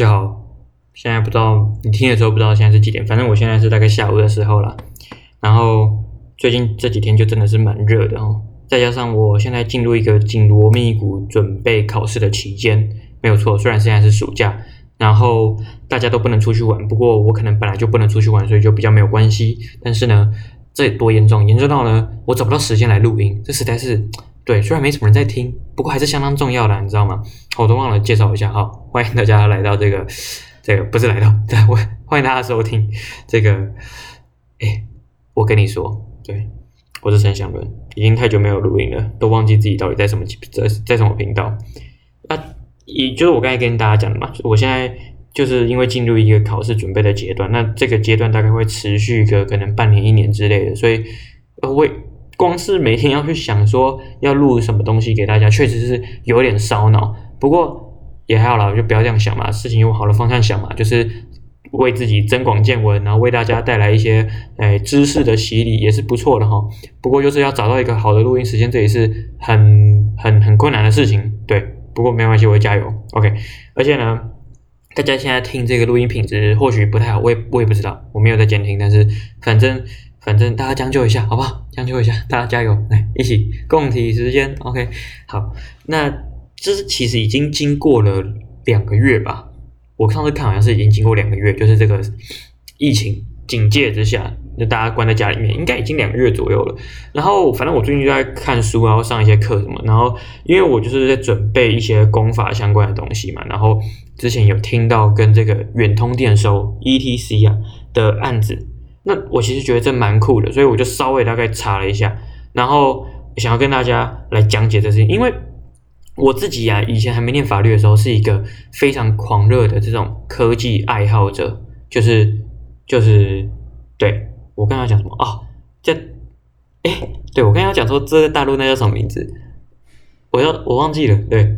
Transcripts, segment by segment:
就好，現在不知道你聽的時候不知道現在是幾點，反正我現在是大概下午的時候了。然後最近這幾天就真的是蠻熱的哦，再加上我現在進入一個緊鑼密鼓準備考試的期間，沒有錯。雖然現在是暑假，然後大家都不能出去玩，不過我可能本來就不能出去玩，所以就比較沒有關係。但是呢，這多嚴重，嚴重到呢我找不到時間來錄音，這實在是。對，雖然沒什麼人在聽，不過還是相當重要的，你知道嗎？我都忘了介紹一下哈，歡迎大家來到這個，這個不是來到，歡迎歡迎大家收聽這個。哎，我跟你說，對，我是陳祥倫，已經太久沒有錄音了，都忘記自己到底在什麼頻在在什麼頻道。那也就是我剛才跟大家講的嘛，我現在就是因為進入一個考試準備的階段，那這個階段大概會持續一個可能半年、一年之類的，所以呃，喂。光是每天要去想說要錄什麼東西給大家，確實是有點燒腦。不過也還好啦，就不要這樣想嘛，事情往好的方向想嘛，就是為自己增廣見聞，然後為大家帶來一些誒、哎、知識的洗禮，也是不錯的哈。不過就是要找到一個好的錄音時間，這也是很很很困難的事情。對，不過沒關係，我會加油。OK，而且呢，大家現在聽這個錄音品質或許不太好，我也我也不知道，我沒有在監聽，但是反正。反正大家將就一下，好不好？將就一下，大家加油，來一起共體時艱，OK？好，那這是其實已經經過了兩個月吧？我上次看好像是已經經過兩個月，就是這個疫情警戒之下，就大家關在家裡面，應該已經兩個月左右了。然後反正我最近就在看書，然後上一些課什麼，然後因為我就是在準備一些功法相關的東西嘛。然後之前有聽到跟這個遠通電收 ETC 啊的案子。那我其實覺得這蠻酷的，所以我就稍微大概查了一下，然後想要跟大家來講解這事情，因為我自己呀、啊，以前還沒念法律的時候，是一個非常狂熱的這種科技愛好者，就是就是對我剛才講什麼啊、哦？這誒，對我剛才講說這個大陸那叫什麼名字？我要我忘記了，對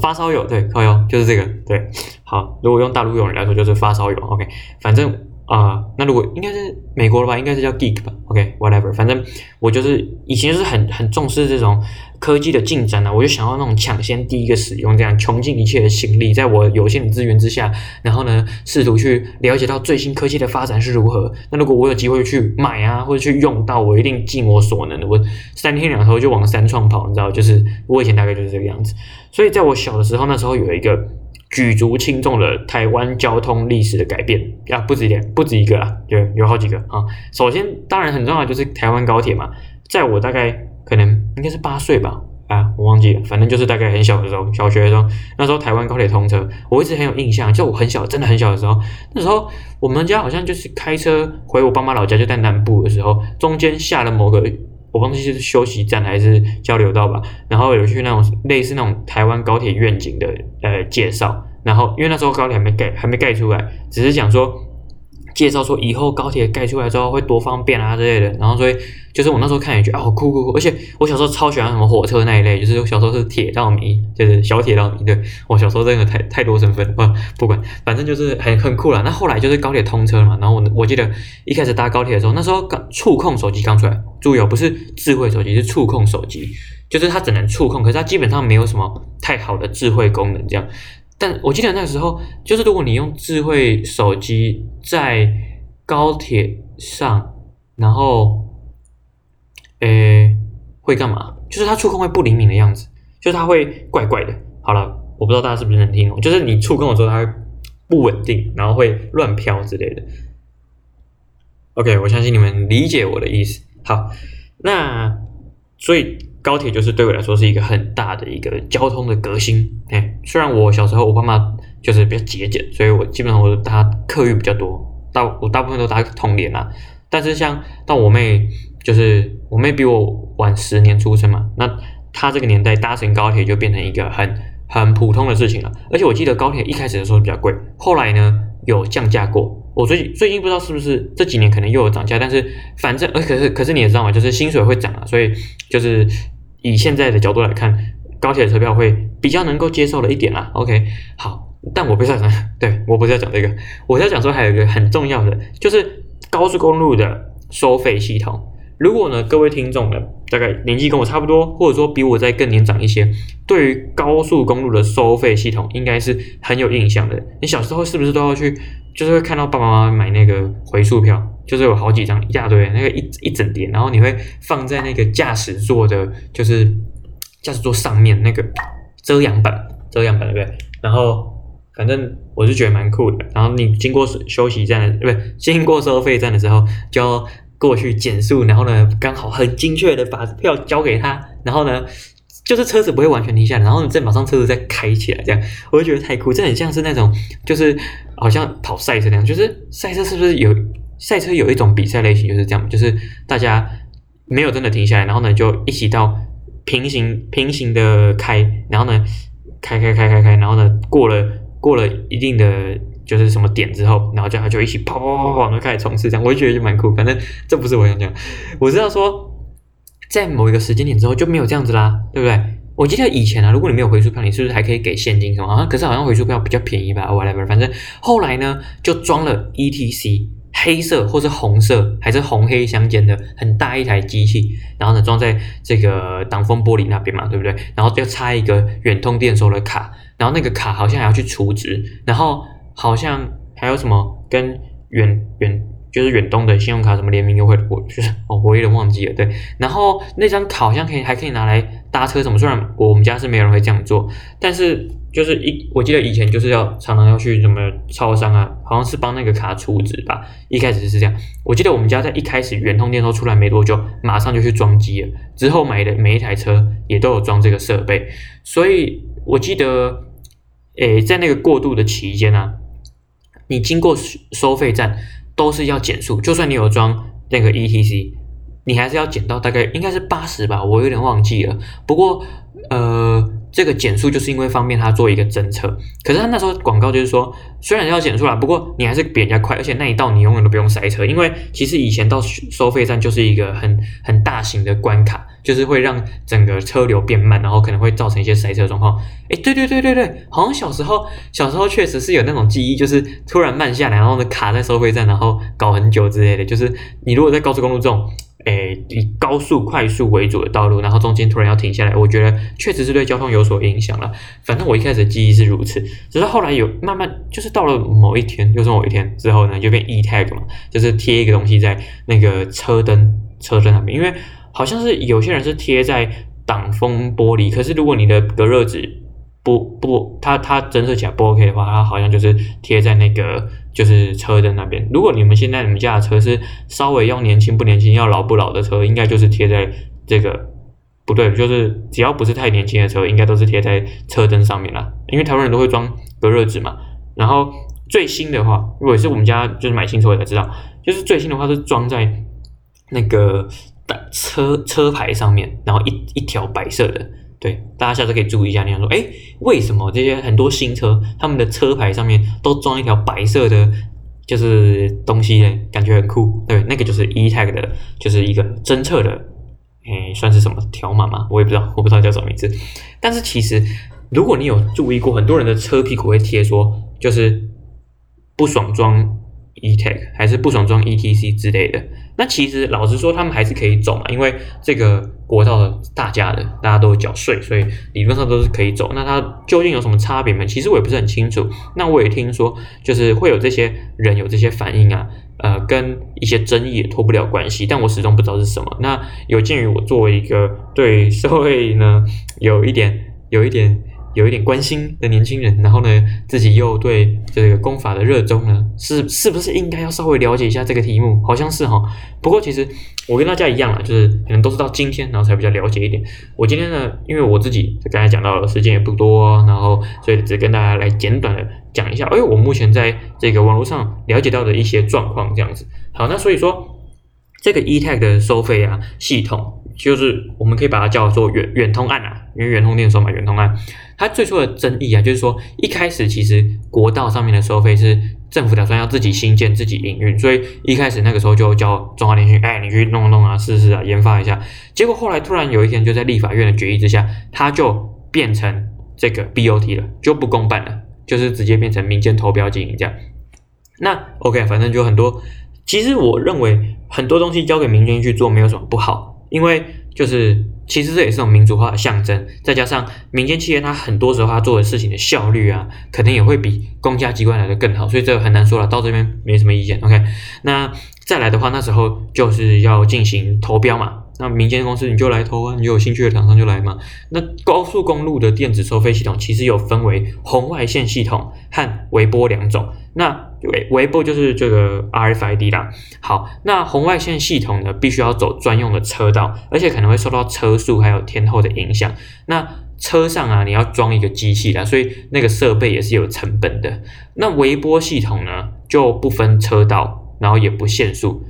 發燒友，對，靠腰，就是這個，對，好，如果用大陸用語來說，就是發燒友，OK，反正。啊，uh, 那如果應該是美國的吧，應該是叫 Geek 吧。OK，whatever，okay, 反正我就是以前就是很很重視這種科技的進展的、啊，我就想要那種搶先第一個使用，這樣窮盡一切的心力，在我有限的資源之下，然後呢，試圖去了解到最新科技的發展是如何。那如果我有機會去買啊，或者去用到，我一定盡我所能的。我三天兩頭就往三創跑，你知道，就是我以前大概就是這個樣子。所以在我小的時候，那時候有一個。舉足輕重的台灣交通歷史的改變，啊，不止一點，不止一個啊。對，有有好幾個啊。首先，當然很重要的就是台灣高鐵嘛。在我大概可能應該是八歲吧，啊，我忘記了，反正就是大概很小的時候，小學的時候，那時候台灣高鐵通車，我一直很有印象。就我很小，真的很小的時候，那時候我們家好像就是開車回我爸媽老家，就在南部的時候，中間下了某個。我忘記是休息站還是交流道吧，然後有去那種類似那種台灣高鐵願景的呃介紹，然後因為那時候高鐵還沒蓋，還沒蓋出來，只是想說。介紹說以後高鐵蓋出來之後會多方便啊之類的。然後所以就是我那時候看也覺得啊好酷酷酷，而且我小時候超喜歡什麼火車那一類，就是小時候是鐵道迷，就是小鐵道迷。對，我小時候真的太太多身份啊不管，反正就是很很酷了。那後來就是高鐵通車嘛，然後我我記得一開始搭高鐵的時候，那時候觸控手機剛出來，注意哦，不是智慧手機，是觸控手機，就是它只能觸控，可是它基本上沒有什麼太好的智慧功能這樣。但我記得那個時候，就是如果你用智慧手機在高鐵上，然後，誒、欸，會幹嘛？就是它觸控會不靈敏的樣子，就是它會怪怪的。好了，我不知道大家是不是能聽懂，就是你觸控的時候它會不穩定，然後會亂飄之類的。OK，我相信你們理解我的意思。好，那所以。高鐵就是對我來說是一個很大的一個交通的革新。哎、欸，雖然我小時候我爸媽就是比較節儉，所以我基本上我搭客運比較多，大我大部分都搭統聯啦。但是像到我妹，就是我妹比我晚十年出生嘛，那她這個年代搭乘高鐵就變成一個很很普通的事情了。而且我記得高鐵一開始的時候比較貴，後來呢有降價過。我最近最近不知道是不是這幾年可能又有漲價，但是反正呃、欸、可是可是你也知道嘛，就是薪水會漲啊，所以就是。以現在的角度來看，高鐵車票會比較能夠接受了一點啦、啊。OK，好，但我不是要講，對，我不是要講這個，我要講說還有一個很重要的，就是高速公路的收費系統。如果呢，各位聽眾呢，大概年紀跟我差不多，或者說比我再更年長一些，對於高速公路的收費系統應該是很有印象的。你小時候是不是都要去？就是會看到爸爸媽媽買那個回數票，就是有好幾張，一大堆那個一一整疊，然後你會放在那個駕駛座的，就是駕駛座上面那個遮陽板，遮陽板對不對？然後反正我是覺得蠻酷的。然後你經過休息站的，不是經過收費站的時候，就要過去減速，然後呢，剛好很精確的把票交給他，然後呢。就是車子不會完全停下來，然後你再馬上車子再開起來，這樣，我就覺得太酷。這很像是那種，就是好像跑賽車那樣，就是賽車是不是有賽車有一種比賽類型就是這樣，就是大家沒有真的停下來，然後呢就一起到平行平行的開，然後呢開開開開開，然後呢過了過了一定的就是什麼點之後，然後這樣就一起跑跑跑跑跑的開始衝刺，這樣，我就覺得就蠻酷。反正這不是我想講，我知道說。在某一個時間點之後就沒有這樣子啦，對不對？我記得以前啊，如果你沒有回數票，你是不是還可以給現金什麼啊？可是好像回數票比較便宜吧，whatever。反正後來呢，就裝了 ETC 黑色或是紅色，還是紅黑相間的很大一台機器，然後呢，裝在這個擋風玻璃那邊嘛，對不對？然後就插一個遠通電收的卡，然後那個卡好像還要去儲值，然後好像還有什麼跟遠遠。就是遠東的信用卡什麼聯名優惠，我是哦，我有點忘記了。對，然後那張卡好像可以還可以拿來搭車什麼。雖然我,我們家是沒有人會這樣做，但是就是一我記得以前就是要常常要去什麼超商啊，好像是幫那個卡儲值吧。一開始是這樣，我記得我們家在一開始遠通電收出來沒多久，馬上就去裝機了。之後買的每一台車也都有裝這個設備，所以我記得，誒、欸，在那個過渡的期間呢、啊，你經過收費站。都是要減速，就算你有裝那個 ETC，你還是要減到大概應該是八十吧，我有點忘記了。不過，呃。這個減速就是因為方便他做一個偵測，可是他那時候廣告就是說，雖然要減速啦，不過你還是比人家快，而且那一道你永遠都不用塞車，因為其實以前到收費站就是一個很很大型的關卡，就是會讓整個車流變慢，然後可能會造成一些塞車狀況。哎，對對對對對，好像小時候小時候確實是有那種記憶，就是突然慢下來，然後呢卡在收費站，然後搞很久之類的。就是你如果在高速公路這種。誒，以高速、快速為主的道路，然後中間突然要停下來，我覺得確實是對交通有所影響了。反正我一開始的記憶是如此，只是後來有慢慢，就是到了某一天，又、就是某一天之後呢，就變 e tag 嘛，就是貼一個東西在那個車燈、車身上面，因為好像是有些人是貼在擋風玻璃，可是如果你的隔熱紙不不，它它偵測起來不 OK 的話，它好像就是貼在那個。就是車燈那邊。如果你們現在你們家的車是稍微要年輕不年輕，要老不老的車，應該就是貼在這個，不對，就是只要不是太年輕的車，應該都是貼在車燈上面了。因為台灣人都會裝隔熱紙嘛。然後最新的話，如果是我們家就是買新車，我才知道，就是最新的話是裝在那個車車牌上面，然後一一條白色的。對，大家下次可以注意一下。你想說，哎，為什麼這些很多新車他們的車牌上面都裝一條白色的，就是東西，感覺很酷。對，那個就是 E tag 的，就是一個偵測的，誒，算是什麼條碼嗎？我也不知道，我不知道叫什麼名字。但是其實，如果你有注意過，很多人的車屁股會貼說，就是不爽裝 E tag，還是不爽裝 ETC 之類的。那其實老實說，他們還是可以走嘛，因為這個國道的大家的，大家都繳稅，所以理論上都是可以走。那它究竟有什麼差別嗎？其實我也不是很清楚。那我也聽說，就是會有這些人有這些反應啊，呃，跟一些爭議也脫不了關係，但我始終不知道是什麼。那有鑑於我作為一個對社會呢有一點有一點。有一點關心的年輕人，然後呢，自己又對這個功法的熱衷呢，是是不是應該要稍微了解一下這個題目？好像是哈，不過其實我跟大家一樣啊，就是可能都是到今天，然後才比較了解一點。我今天呢，因為我自己剛才講到了時間也不多啊，然後所以只跟大家來簡短的講一下，哎，我目前在這個網絡上了解到的一些狀況這樣子。好，那所以說這個 Etag 收費啊系統。就是我們可以把它叫做遠，遠通案啊，因為遠通電的時候嘛，遠通案，它最初的爭議啊，就是說一開始其實國道上面的收費是政府打算要自己興建，自己營運，所以一開始那個時候就叫中華電信，哎，你去弄弄啊，試試啊，研發一下。結果後來突然有一天就在立法院的決議之下，它就變成這個 BOT 了，就不公辦了，就是直接變成民間投標經營這樣。那 OK，反正就很多，其實我認為很多東西交給民間去做沒有什麼不好。因為就是，其實這也是種民主化的象徵，再加上民間企業，它很多時候它做的事情的效率啊，可能也會比公家機關來的更好，所以這個很難說了。到這邊沒什麼意見，OK。那再來的話，那時候就是要進行投標嘛。那民間公司你就來投啊，你有興趣的廠商就來嘛。那高速公路的電子收費系統其實有分為紅外線系統和微波兩種。那微波就是這個 RFID 啦，好，那紅外線系統呢，必須要走專用的車道，而且可能會受到車速還有天候的影響。那車上啊，你要裝一個機器啦，所以那個設備也是有成本的。那微波系統呢，就不分車道，然後也不限速。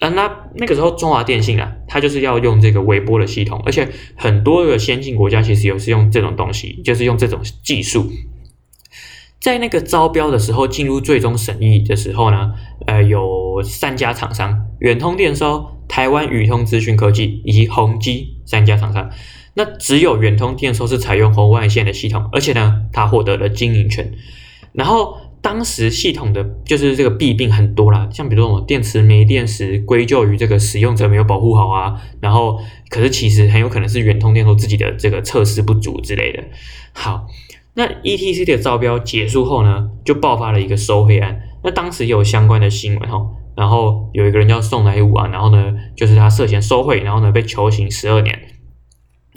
啊，那那個時候中華電信啊，它就是要用這個微波的系統，而且很多的先進國家其實也是用這種東西，就是用這種技術。在那個招標的時候進入最終審議的時候呢，呃，有三家廠商：遠通電收、台灣宇通資訊科技以及宏基三家廠商。那只有遠通電收是採用紅外線的系統，而且呢，它獲得了經營權。然後當時系統的就是這個弊病很多啦，像比如說電池沒電時，歸咎於這個使用者沒有保護好啊。然後可是其實很有可能是遠通電收自己的這個測試不足之類的。好。那 ETC 的招標結束後呢，就爆發了一個收賄案。那當時也有相關的新聞吼，然後有一個人叫宋來武啊，然後呢，就是他涉嫌收賄，然後呢被求刑十二年。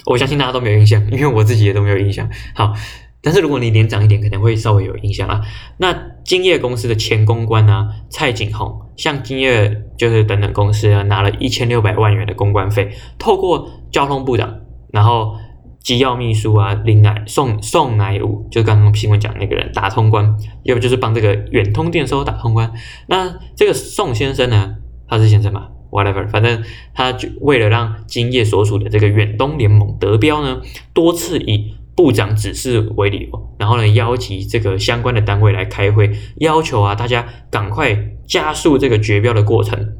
我相信大家都沒有印象，因為我自己也都沒有印象。好，但是如果你年長一點，可能會稍微有印象啦。那精業公司的前公關啊蔡景宏，像精業就是等等公司啊，拿了一千六百萬元的公關費，透過交通部長，然後。機要秘書啊，林乃宋宋乃武，就剛剛新聞講的那個人打通關，要不就是幫這個遠通電收打通關。那這個宋先生呢，他是先生嘛，whatever，反正他就為了讓今夜所屬的這個遠東聯盟得標呢，多次以部長指示為理由，然後呢，邀集這個相關的單位來開會，要求啊大家趕快加速這個決標的過程。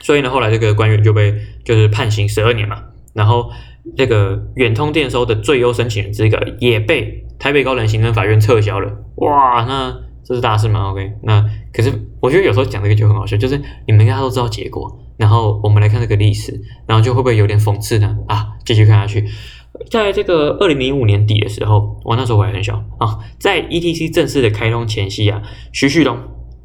所以呢，後來這個官員就被就是判刑十二年嘛，然後。這個遠通電收的最優申請人資格也被台北高等行政法院撤銷了，哇，那這是大事嗎？OK，那可是我覺得有時候講這個就很好笑，就是你們應該都知道結果，然後我們來看這個歷史，然後就會不會有點諷刺呢？啊，繼續看下去，在這個二零零五年底的時候，我那時候我還很小啊，在 ETC 正式的開通前夕啊，徐旭東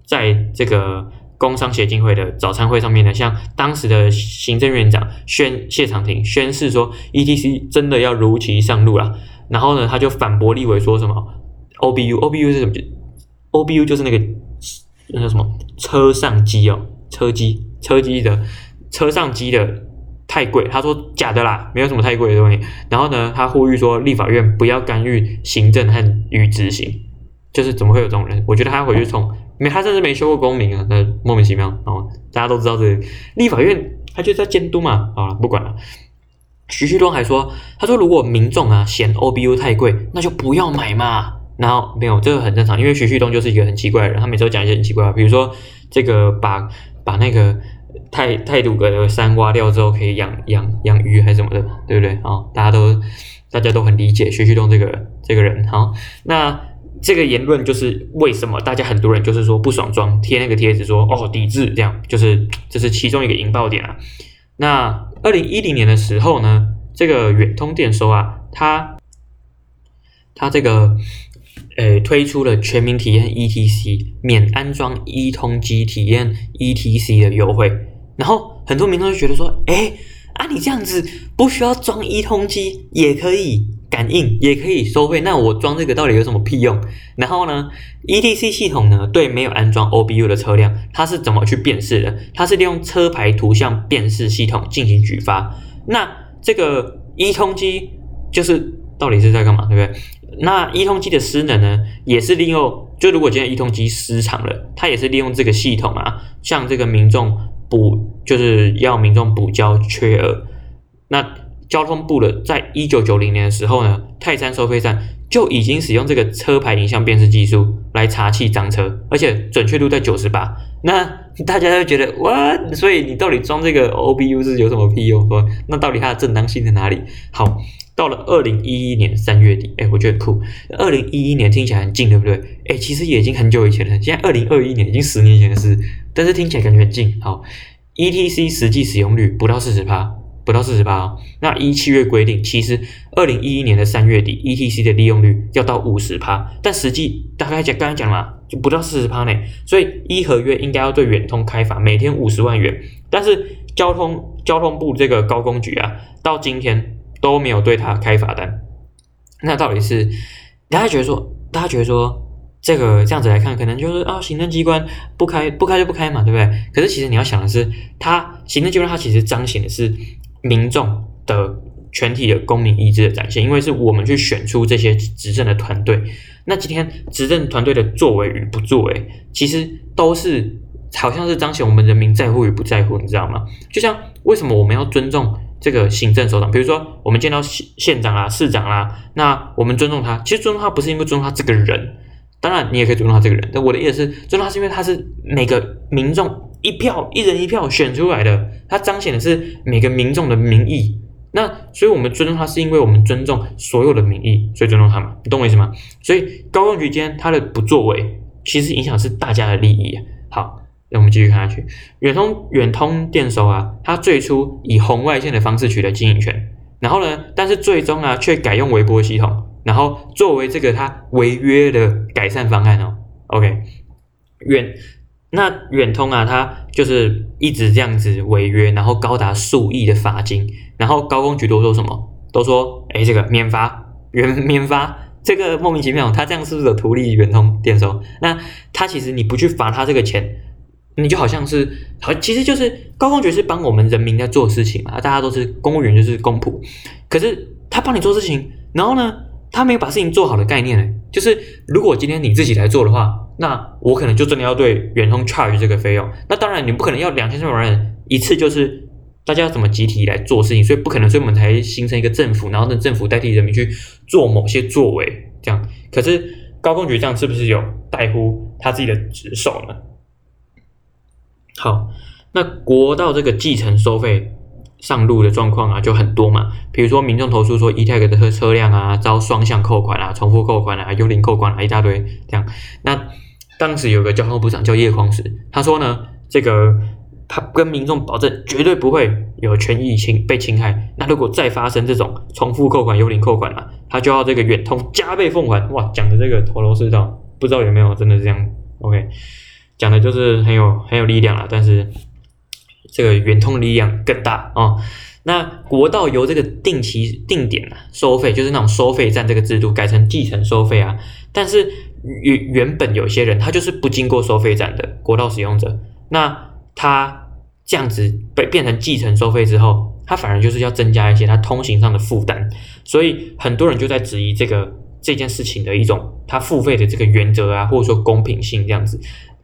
在這個。工商協進會的早餐會上面呢，像當時的行政院長宣謝長廷宣示說，E T C 真的要如期上路了。然後呢，他就反駁立委說什麼 O B U O B U 是什麼？O B U 就是那個那個什麼車上機哦，車機車機的車上機的太貴。他說假的啦，沒有什麼太貴的東西。然後呢，他呼籲說立法院不要干預行政和與執行，就是怎麼會有這種人？我覺得他回去沖。沒，他甚至沒修過公民啊，那莫名其妙、哦。大家都知道，這個，這立法院他就在監督嘛。好了，不管了。徐旭東還說，他說如果民眾啊嫌 OBU 太貴，那就不要買嘛。然後沒有，這個很正常，因為徐旭東就是一個很奇怪的人，他每次都講一些很奇怪的，比如說這個把把那個太太魯閣的山挖掉，之後可以養養養魚還是什麼的，對不對？哦、大家都大家都很理解徐旭東這個這個人。好，那。這個言論就是為什麼大家很多人就是說不爽裝貼那個貼紙說哦，抵制這樣，就是這是其中一個引爆點啊。那二零一零年的時候呢，這個遠通電收啊，它它這個誒、呃、推出了全民體驗 ETC 免安裝 e 通機體驗 ETC 的優惠，然後很多民眾就覺得說，哎啊你這樣子不需要裝 e 通機也可以，感應也可以收費，那我裝這個到底有什麼屁用？然後呢，ETC 系統呢，對沒有安裝 OBU 的車輛，它是怎麼去辨識的？它是利用車牌圖像辨識系統進行舉發。那這個一通機就是到底是在幹嘛，對不對？那一通機的失能呢，也是利用，就如果今天一通機失常了，它也是利用這個系統啊，向這個民眾補，就是要民眾補交缺額。那交通部的，在一九九零年的時候呢，泰山收費站就已經使用這個車牌影像辨識技術來查緝贓車，而且準確度在九十八。那大家就覺得哇，所以你到底裝這個 OBU 是有什麼屁用？那到底它的正當性在哪裡？好，到了二零一一年三月底，哎、欸，我覺得酷。二零一一年聽起來很近，對不對？哎、欸，其實也已經很久以前了。現在二零二一年已經十年前的事，但是聽起來感覺很近。好，ETC 實際使用率不到四十趴。不到四十趴，哦，那一七月規定，其實二零一一年的三月底，ETC 的利用率要到五十趴。但實際大概講，剛才講了，就不到四十趴呢。所以一合約應該要對遠通開罰，每天五十萬元，但是交通交通部這個高工局啊，到今天都沒有對他開罰單，那到底是大家覺得說，大家覺得說，這個這樣子來看，可能就是啊、哦，行政機關不開不開就不開嘛，對不對？可是其實你要想的是，他行政機關他其實彰顯的是。民眾的全體的公民意志的展現，因為是我們去選出這些執政的團隊。那今天執政團隊的作為與不作為，其實都是好像是彰顯我們人民在乎與不在乎，你知道嗎？就像為什麼我們要尊重這個行政首長？比如說我們見到縣縣長啊、市長啊，那我們尊重他。其實尊重他不是因為尊重他這個人，當然你也可以尊重他這個人。但我的意思是，尊重他是因為他是每個民眾。一票一人一票選出來的，它彰顯的是每個民眾的民意。那所以我們尊重它，是因為我們尊重所有的民意，所以尊重他們，你懂我意思嗎？所以高公局間他的不作為，其實影響是大家的利益。好，那我們繼續看下去。遠通遠通電收啊，它最初以紅外線的方式取得經營權，然後呢，但是最終啊，卻改用微波系統，然後作為這個它違約的改善方案哦。OK，遠。那遠通啊，他就是一直這樣子違約，然後高達數億的罰金，然後高公局都說什麼，都說，哎、欸，這個免罰，免免罰，這個莫名其妙，他這樣是不是圖利遠通電收？那他其實你不去罰他這個錢，你就好像是，好，其實就是高公局是幫我們人民在做事情嘛，大家都是公務員就是公僕，可是他幫你做事情，然後呢，他沒有把事情做好的概念呢、欸，就是如果今天你自己來做的話。那我可能就真的要對遠通 charge 這個費用。那當然，你不可能要兩千三百萬人一次就是大家怎麼集體來做事情，所以不可能。所以我們才形成一個政府，然後讓政府代替人民去做某些作為，這樣。可是高公局長是不是有在乎他自己的職守呢？好，那國道這個計程收費上路的狀況啊，就很多嘛。比如說民眾投訴說 ETAG 的車車輛啊，遭雙向扣款啊，重複扣款啊，幽靈扣款啊，一大堆這樣。那。當時有個交通部長叫葉匡時，他說呢，這個他跟民眾保證絕對不會有權益侵被侵害。那如果再發生這種重複扣款、幽靈扣款啊，他就要這個遠通加倍奉還。哇，講的這個頭頭是道，不知道有沒有真的是這樣？OK，講的就是很有很有力量啊，但是這個遠通力量更大啊。哦那國道由這個定期定點啊收費，就是那種收費站這個制度改成計程收費啊，但是原原本有些人他就是不經過收費站的國道使用者，那他這樣子被變成計程收費之後，他反而就是要增加一些他通行上的負擔，所以很多人就在質疑這個這件事情的一種他付費的這個原則啊，或者說公平性這樣子，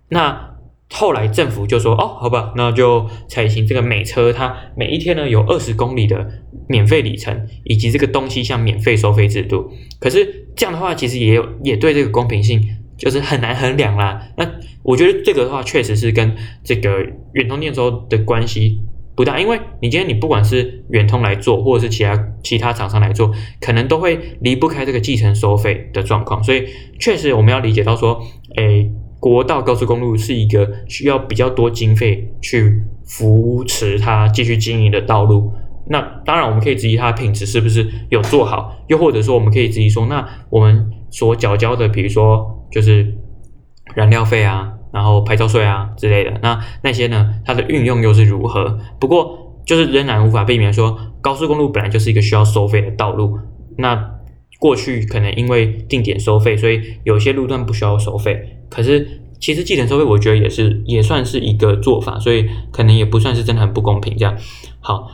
那。後來政府就說哦，好吧，那就採行這個每車它每一天呢有二十公里的免費里程，以及這個東西向免費收費制度。可是這樣的話，其實也有也對這個公平性就是很難衡量啦。那我覺得這個的話，確實是跟這個遠通電收的關係不大，因為你今天你不管是遠通來做，或者是其他其他廠商來做，可能都會離不開這個計程收費的狀況。所以確實我們要理解到說，誒。國道高速公路是一個需要比較多經費去扶持它繼續經營的道路。那當然，我們可以質疑它的品質是不是有做好，又或者說，我們可以質疑說，那我們所繳交的，比如說就是燃料費啊，然後牌照稅啊之類的，那那些呢，它的運用又是如何？不過，就是仍然無法避免說，高速公路本來就是一個需要收費的道路。那過去可能因為定點收費，所以有些路段不需要收費。可是其實計程收費，我覺得也是也算是一個做法，所以可能也不算是真的很不公平這樣。好，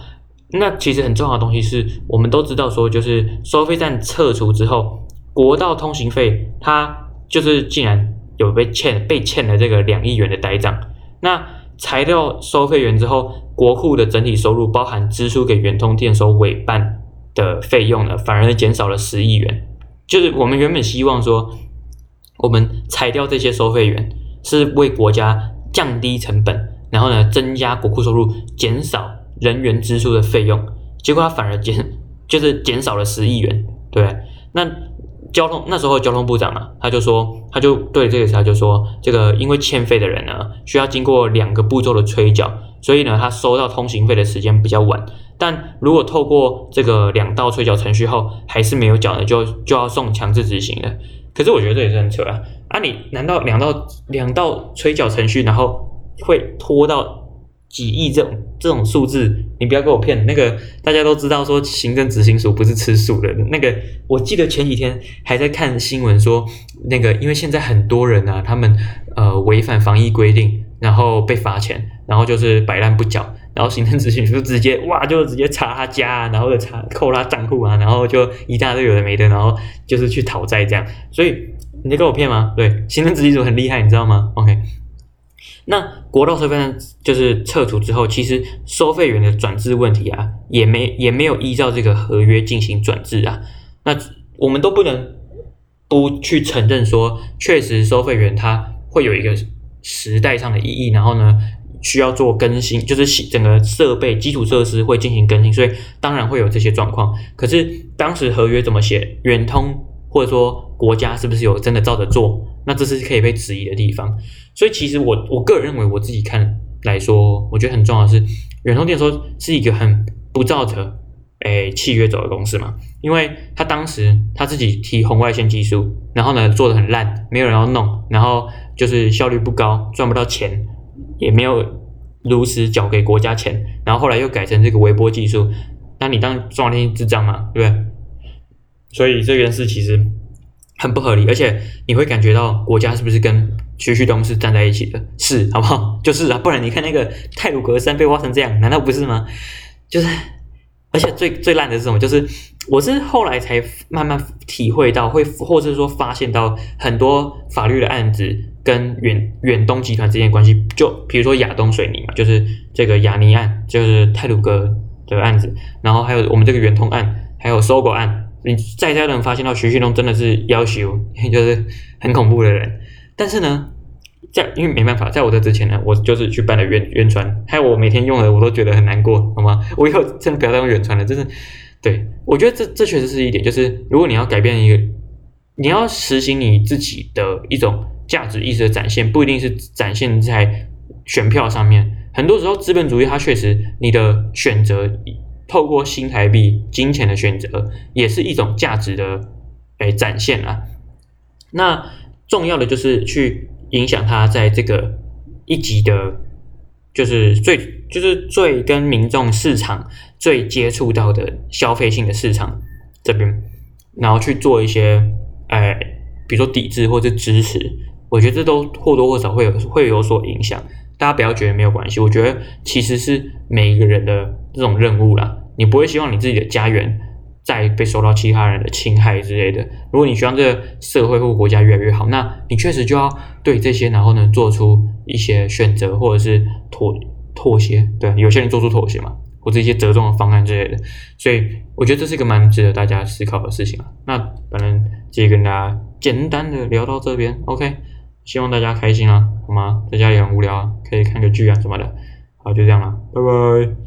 那其實很重要的東西是我們都知道說，就是收費站撤除之後，國道通行費它就是竟然有被欠被欠了這個兩億元的呆賬。那裁掉收費員之後，國庫的整體收入包含支出給遠通電收委辦的費用呢，反而減少了十億元。就是我們原本希望說，我們裁掉這些收費員，是為國家降低成本，然後呢，增加國庫收入，減少人員支出的費用。結果它反而減，就是減少了十億元。對，那交通那時候交通部長啊，他就說，他就對這個時候，他就說，這個因為欠費的人呢，需要經過兩個步驟的催繳。所以呢，他收到通行費的時間比較晚，但如果透過這個兩道催繳程序後，還是沒有繳的，就就要送強制執行了。可是我覺得這也是很扯啊！啊，你難道兩道兩道催繳程序，然後會拖到幾億這種這種數字？你不要給我騙！那個大家都知道，說行政執行署不是吃素的。那個我記得前幾天還在看新聞說，那個因為現在很多人呢、啊，他們呃違反防疫規定，然後被罰錢。然後就是擺爛不繳，然後行政執行署直接哇，就直接查他家，然後又查扣他賬戶啊，然後就一大堆有的沒的，然後就是去討債這樣。所以你跟我騙嗎？對，行政執行署很厲害，你知道嗎？OK。那國道收費站就是撤除之後，其實收費員的轉制問題啊，也沒也沒有依照這個合約進行轉制啊。那我們都不能不去承認說，確實收費員他會有一個時代上的意義，然後呢，需要做更新，就是整個設備基礎設施會進行更新，所以當然會有這些狀況。可是當時合約怎麼寫，遠通或者說國家是不是有真的照着做？那這是可以被質疑的地方。所以其實我我個人認為，我自己看來說，我覺得很重要的是，遠通電收是一個很不照着誒契約走的公司嘛，因為他當時他自己提紅外線技術，然後呢做得很爛，沒有人要弄，然後就是效率不高，賺不到錢。也沒有如實繳給國家錢，然後後來又改成這個微波技術，那你當中華田園犬智障嘛，對不對？所以這件事其實很不合理，而且你會感覺到國家是不是跟徐旭東是站在一起的？是，好不好？就是啊，不然你看那個太魯閣山被挖成這樣，難道不是嗎？就是，而且最最爛的是什麼？就是我是後來才慢慢體會到，會或者是說發現到很多法律的案子，跟遠遠東集團之間的關係，就比如說亞東水泥嘛，就是這個亞泥案，就是太魯閣的案子，然後還有我們這個遠通案，還有 SOGO 案，你再三都能發現到徐旭東真的是要挾，就是很恐怖的人。但是呢，在因為沒辦法，在我這之前呢，我就是去辦了遠遠傳，還有我每天用的，我都覺得很難過，好嗎？我以後真的不要再用遠傳了，就是。對，我覺得這這確實是一點，就是如果你要改變一個，你要實行你自己的一種。價值意識的展現不一定是展現在選票上面，很多時候資本主義它確實你的選擇透過新台幣、金錢的選擇也是一種價值的誒、欸、展現啊。那重要的就是去影響他在這個一級的，就是最就是最跟民眾市場最接觸到的消費性的市場這邊，然後去做一些誒、欸，比如說抵制或者支持。我覺得這都或多或少會有會有所影響，大家不要覺得沒有關係。我覺得其實是每一個人的這種任務啦，你不會希望你自己的家園再被受到其他人的侵害之類的。如果你希望這個社會或國家越來越好，那你確實就要對這些然後呢做出一些選擇或者是妥妥協。對，有些人做出妥協嘛，或者一些折中的方案之類的。所以我覺得這是一個蠻值得大家思考的事情啊。那反正直接跟大家簡單的聊到這邊，OK。希望大家開心啊，好嗎？在家裡很無聊啊，可以看個劇啊什麼的。好，就這樣了，拜拜。